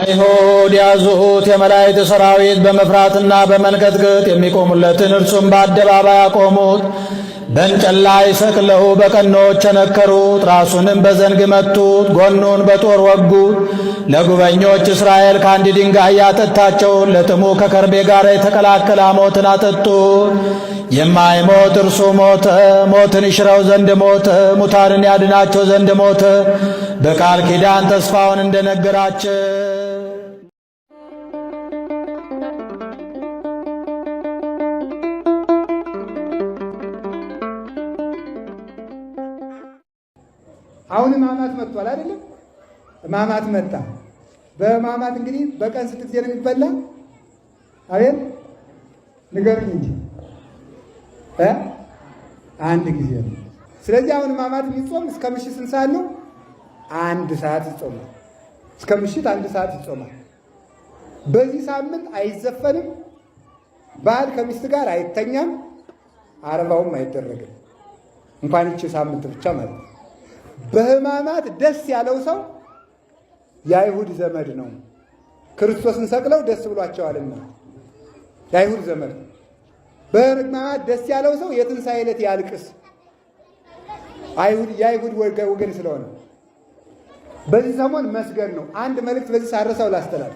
አይሁድ ያዙት የመላእክት ሰራዊት በመፍራትና በመንቀጥቀጥ የሚቆሙለትን እርሱም በአደባባይ አቆሙት። በእንጨት ላይ ሰቅለው በቀኖች ቸነከሩት። ራሱንም በዘንግ መቱት፣ ጎኑን በጦር ወጉት። ለጉበኞች እስራኤል ከአንድ ድንጋይ ያጠጣቸውን ለጥሙ ከከርቤ ጋር የተቀላቀለ ሞትን አጠጡት። የማይሞት እርሱ ሞተ፣ ሞትን ይሽረው ዘንድ ሞተ፣ ሙታንን ያድናቸው ዘንድ ሞተ። በቃል ኪዳን ተስፋውን እንደነገራቸው አሁን ሕማማት መጥቷል አይደለም? ሕማማት መጣ። በሕማማት እንግዲህ በቀን ስንት ጊዜ ነው የሚበላ? አቤት ንገሩኝ እንጂ አንድ ጊዜ ነው። ስለዚህ አሁን ሕማማት የሚጾም እስከ ምሽት ስንት ሰዓት ነው? አንድ ሰዓት ይጾማል። እስከ ምሽት አንድ ሰዓት ይጾማል። በዚህ ሳምንት አይዘፈንም፣ ባል ከሚስት ጋር አይተኛም፣ አረባውም አይደረግም። እንኳን ይቺ ሳምንት ብቻ ማለት ነው። በሕማማት ደስ ያለው ሰው የአይሁድ ዘመድ ነው። ክርስቶስን ሰቅለው ደስ ብሏቸዋልና የአይሁድ ዘመድ ነው። በሕማማት ደስ ያለው ሰው የትንሣኤ ዕለት ያልቅስ፣ የአይሁድ ወገን ስለሆነ። በዚህ ሰሞን መስገድ ነው። አንድ መልእክት በዚህ ሳረሰው ላስተላል።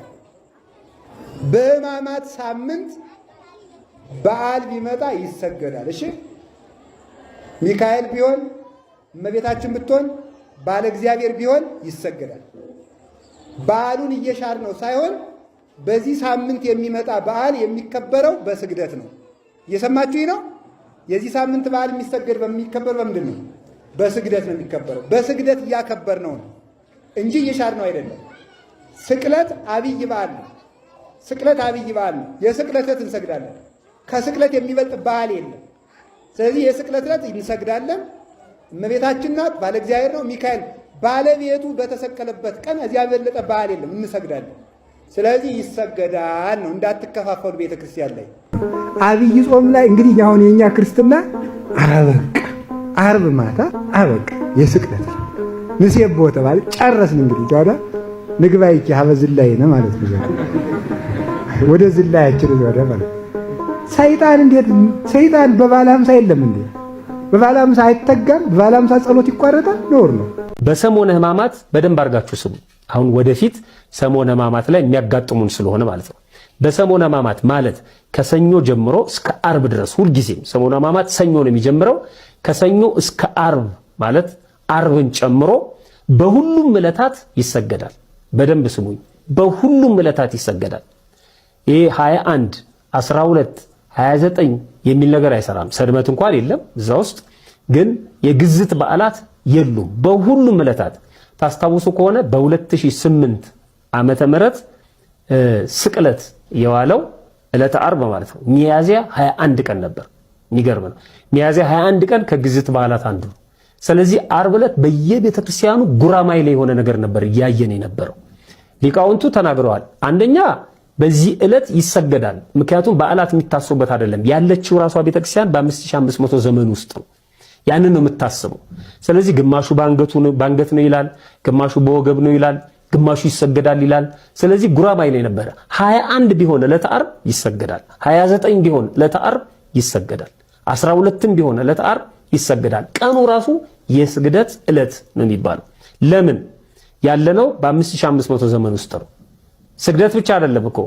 በሕማማት ሳምንት በዓል ቢመጣ ይሰገዳል። እሺ ሚካኤል ቢሆን እመቤታችን ብትሆን ባለ እግዚአብሔር ቢሆን ይሰገዳል። በዓሉን እየሻር ነው ሳይሆን በዚህ ሳምንት የሚመጣ በዓል የሚከበረው በስግደት ነው። እየሰማችሁኝ ነው? የዚህ ሳምንት በዓል የሚሰገድ በሚከበር በምንድን ነው? በስግደት ነው የሚከበረው። በስግደት እያከበር ነው ነው እንጂ እየሻር ነው አይደለም። ስቅለት አብይ በዓል ነው። ስቅለት አብይ በዓል ነው። የስቅለት ዕለት እንሰግዳለን። ከስቅለት የሚበልጥ በዓል የለም። ስለዚህ የስቅለት ዕለት እንሰግዳለን። እመቤታችን ናት፣ ባለ እግዚአብሔር ነው ሚካኤል ባለቤቱ በተሰቀለበት ቀን እዚያ በለጠ በዓል የለም፣ እንሰግዳለን። ስለዚህ ይሰገዳል ነው እንዳትከፋፈሉ ቤተ ክርስቲያን ላይ አብይ ጾም ላይ እንግዲህ አሁን የእኛ ክርስትና አበቃ። አርብ ማታ አበቃ የስቅለት ምሴ ቦታ ማለት ጨረስን። እንግዲህ ታዳ ንግባይ ሀበ ዝላይ ነ ማለት ነው። ወደ ዝላያችን ወደ ማለት ሰይጣን እንዴት ሰይጣን በባለ ሃምሳ የለም እንዴ በባለ ሃምሳ አይተጋም። በባለ ሃምሳ ጸሎት ይቋረጣል። ነውር ነው። በሰሞነ ህማማት በደንብ አድርጋችሁ ስሙ። አሁን ወደፊት ሰሞነ ህማማት ላይ የሚያጋጥሙን ስለሆነ ማለት ነው። በሰሞነ ህማማት ማለት ከሰኞ ጀምሮ እስከ አርብ ድረስ ሁልጊዜም ሰሞነ ህማማት ሰኞ ነው የሚጀምረው። ከሰኞ እስከ አርብ ማለት አርብን ጨምሮ በሁሉም ዕለታት ይሰገዳል። በደንብ ስሙኝ። በሁሉም ዕለታት ይሰገዳል። ይሄ 21 12 29 የሚል ነገር አይሰራም። ሰድመት እንኳን የለም እዛ ውስጥ ግን የግዝት በዓላት የሉም። በሁሉም ዕለታት ታስታውሱ ከሆነ በ2008 ዓመተ ምህረት ስቅለት የዋለው ዕለተ ዓርብ ማለት ነው ሚያዚያ 21 ቀን ነበር። የሚገርም ነው። ሚያዚያ 21 ቀን ከግዝት በዓላት አንዱ ነው። ስለዚህ ዓርብ ዕለት በየቤተ ክርስቲያኑ ላይ የሆነ ነገር ነበር እያየን የነበረው። ሊቃውንቱ ተናግረዋል። አንደኛ በዚህ ዕለት ይሰገዳል። ምክንያቱም በዓላት የሚታስቡበት አይደለም። ያለችው ራሷ ቤተክርስቲያን በ5500 ዘመን ውስጥ ነው። ያንን ነው የምታስበው። ስለዚህ ግማሹ በአንገት ነው ይላል፣ ግማሹ በወገብ ነው ይላል፣ ግማሹ ይሰገዳል ይላል። ስለዚህ ጉራባይ ነው የነበረ 21 ቢሆን ዕለተ ዓርብ ይሰገዳል። 29 ቢሆን ዕለተ ዓርብ ይሰገዳል። 12ም ቢሆን ዕለተ ዓርብ ይሰገዳል። ቀኑ ራሱ የስግደት ዕለት ነው የሚባለው። ለምን ያለነው በ5500 ዘመን ውስጥ ነው። ስግደት ብቻ አይደለም እኮ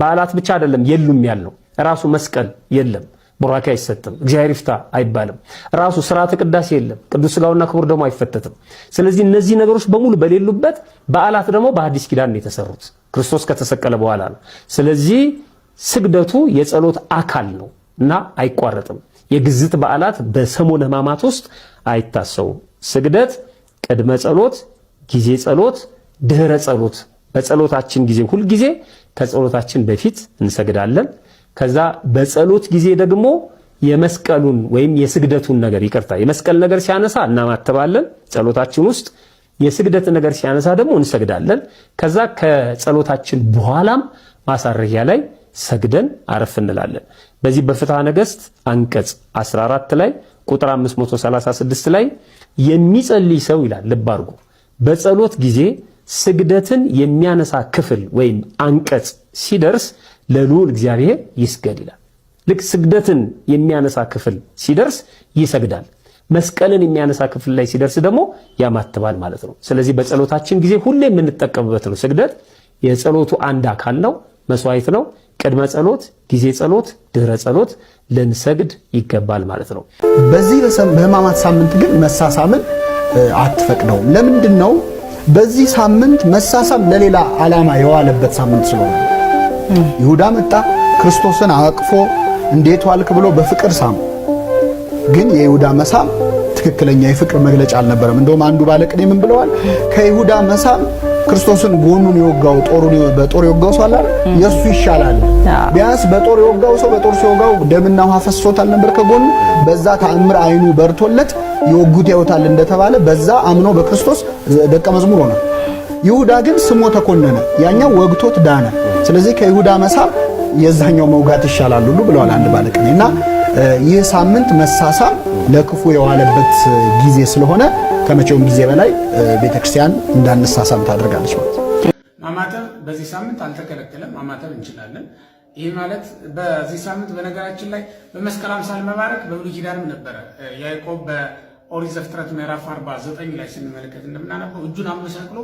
በዓላት ብቻ አይደለም የሉም ያለው ራሱ መስቀል የለም፣ ቡራኬ አይሰጥም፣ እግዚአብሔር ይፍታ አይባልም፣ ራሱ ስርዓተ ቅዳሴ የለም፣ ቅዱስ ስጋውና ክቡር ደግሞ አይፈተትም። ስለዚህ እነዚህ ነገሮች በሙሉ በሌሉበት በዓላት ደግሞ በአዲስ ኪዳን ነው የተሰሩት፣ ክርስቶስ ከተሰቀለ በኋላ ነው። ስለዚህ ስግደቱ የጸሎት አካል ነው እና አይቋረጥም። የግዝት በዓላት በሰሞነ ሕማማት ውስጥ አይታሰውም። ስግደት ቅድመ ጸሎት፣ ጊዜ ጸሎት፣ ድህረ ጸሎት በጸሎታችን ጊዜ ሁልጊዜ ከጸሎታችን በፊት እንሰግዳለን። ከዛ በጸሎት ጊዜ ደግሞ የመስቀሉን ወይም የስግደቱን ነገር ይቅርታ፣ የመስቀል ነገር ሲያነሳ እናማተባለን ጸሎታችን ውስጥ፣ የስግደት ነገር ሲያነሳ ደግሞ እንሰግዳለን። ከዛ ከጸሎታችን በኋላም ማሳረጊያ ላይ ሰግደን አረፍ እንላለን። በዚህ በፍትሐ ነገሥት አንቀጽ 14 ላይ ቁጥር 536 ላይ የሚጸልይ ሰው ይላል ልብ አድርጎ በጸሎት ጊዜ ስግደትን የሚያነሳ ክፍል ወይም አንቀጽ ሲደርስ ለልዑል እግዚአብሔር ይስገድ ይላል። ልክ ስግደትን የሚያነሳ ክፍል ሲደርስ ይሰግዳል። መስቀልን የሚያነሳ ክፍል ላይ ሲደርስ ደግሞ ያማትባል ማለት ነው። ስለዚህ በጸሎታችን ጊዜ ሁሌ የምንጠቀምበት ነው። ስግደት የጸሎቱ አንድ አካል ነው፣ መስዋዕት ነው። ቅድመ ጸሎት፣ ጊዜ ጸሎት፣ ድህረ ጸሎት ልንሰግድ ይገባል ማለት ነው። በዚህ በሕማማት ሳምንት ግን መሳሳምን አትፈቅደውም። ለምንድን ነው? በዚህ ሳምንት መሳሳም ለሌላ ዓላማ የዋለበት ሳምንት ስለሆነ ይሁዳ መጣ፣ ክርስቶስን አቅፎ እንዴት ዋልክ ብሎ በፍቅር ሳም። ግን የይሁዳ መሳም ትክክለኛ የፍቅር መግለጫ አልነበረም። እንደውም አንዱ ባለቅኔ ምን ብለዋል? ከይሁዳ መሳም ክርስቶስን ጎኑን የወጋው ጦሩ በጦር የወጋው ሰው አለ የእሱ ይሻላል። ቢያንስ በጦር የወጋው ሰው በጦር ሲወጋው ደምና ውሃ ፈስሶታል ነበር ከጎኑ በዛ ተአምር አይኑ በርቶለት የወጉት ያዩታል እንደተባለ በዛ አምኖ በክርስቶስ ደቀ መዝሙር ሆነ። ይሁዳ ግን ስሞ ተኮነነ፣ ያኛው ወግቶት ዳነ። ስለዚህ ከይሁዳ መሳብ የዛኛው መውጋት ይሻላል ሁሉ ብለዋል አንድ ባለቅኔ እና ይህ ሳምንት መሳሳም ለክፉ የዋለበት ጊዜ ስለሆነ ከመቼውም ጊዜ በላይ ቤተክርስቲያን እንዳንሳሳም ታደርጋለች ማለት ነው። ማማተብ በዚህ ሳምንት አልተከለከለም። ማማተብ እንችላለን። ይህ ማለት በዚህ ሳምንት በነገራችን ላይ በመስቀል አምሳል መባረክ በብሉይ ኪዳንም ነበረ። ያዕቆብ በኦሪት ዘፍጥረት ምዕራፍ 49 ላይ ስንመለከት እንደምናነበው እጁን አመሳቅሎ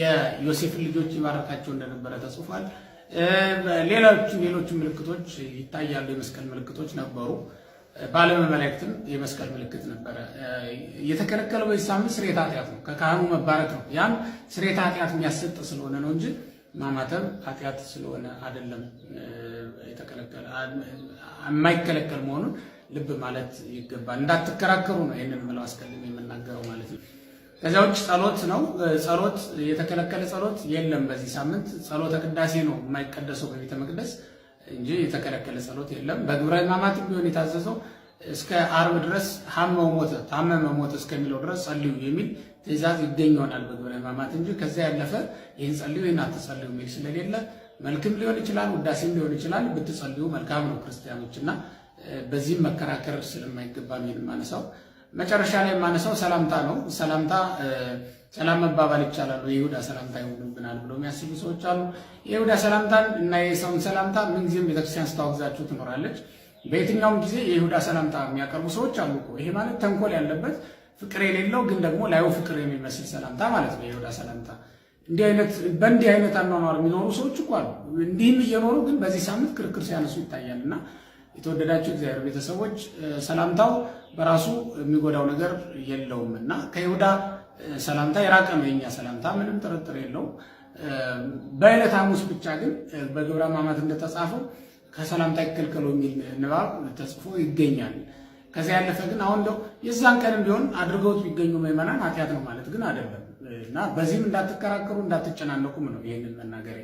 የዮሴፍን ልጆች ይባረካቸው እንደነበረ ተጽፏል። ሌሎቹ ሌሎች ምልክቶች ይታያሉ። የመስቀል ምልክቶች ነበሩ። ባለመመለክትም የመስቀል ምልክት ነበረ። የተከለከለው በሳምንት ስርየተ ኃጢአት ነው፣ ከካህኑ መባረክ ነው። ያም ስርየተ ኃጢአት የሚያሰጥ ስለሆነ ነው እንጂ ማማተብ ኃጢአት ስለሆነ አይደለም። የማይከለከል መሆኑን ልብ ማለት ይገባል። እንዳትከራከሩ ነው ይህንን ምለው አስቀድሜ የምናገረው ማለት ነው። ከዚያ ውጭ ጸሎት ነው። ጸሎት የተከለከለ ጸሎት የለም። በዚህ ሳምንት ጸሎተ ቅዳሴ ነው የማይቀደሰው በቤተ መቅደስ እንጂ የተከለከለ ጸሎት የለም። በግብረ ሕማማት ቢሆን የታዘዘው እስከ አርብ ድረስ ሀመው ሞተ ታመመ ሞተ እስከሚለው ድረስ ጸልዩ የሚል ትእዛዝ ይገኝ ይሆናል በግብረ ሕማማት እንጂ ከዚያ ያለፈ ይህን ጸልዩ ይህን አትጸልዩ የሚል ስለሌለ መልክም ሊሆን ይችላል፣ ውዳሴም ሊሆን ይችላል። ብትጸልዩ መልካም ነው ክርስቲያኖች እና በዚህም መከራከር ስለማይገባ ነው የማነሳው። መጨረሻ ላይ የማነሳው ሰላምታ ነው። ሰላምታ ሰላም መባባል ይቻላል። የይሁዳ ሰላምታ ይሆኑብናል ብሎ የሚያስቡ ሰዎች አሉ። የይሁዳ ሰላምታን እና የሰውን ሰላምታ ምንጊዜም ቤተክርስቲያን ስታወግዛችሁ ትኖራለች። በየትኛውም ጊዜ የይሁዳ ሰላምታ የሚያቀርቡ ሰዎች አሉ እኮ። ይሄ ማለት ተንኮል ያለበት ፍቅር የሌለው ግን ደግሞ ላዩ ፍቅር የሚመስል ሰላምታ ማለት ነው የይሁዳ ሰላምታ። እንዲህ አይነት በእንዲህ አይነት አኗኗር የሚኖሩ ሰዎች እኮ አሉ። እንዲህም እየኖሩ ግን በዚህ ሳምንት ክርክር ሲያነሱ ይታያል እና የተወደዳችሁ እግዚአብሔር ቤተሰቦች ሰላምታው በራሱ የሚጎዳው ነገር የለውም እና ከይሁዳ ሰላምታ የራቀ ነው የኛ ሰላምታ፣ ምንም ጥርጥር የለውም። በዕለት ሐሙስ ብቻ ግን በግብረ ሕማማት እንደተጻፈው ከሰላምታ ይከልከሉ የሚል ንባብ ተጽፎ ይገኛል። ከዚያ ያለፈ ግን አሁን እንደው የዛን ቀን ቢሆን አድርገውት ቢገኙ ምዕመናን ኃጢአት ነው ማለት ግን አይደለም እና በዚህም እንዳትከራከሩ እንዳትጨናነቁም ነው ይህንን መናገሬ።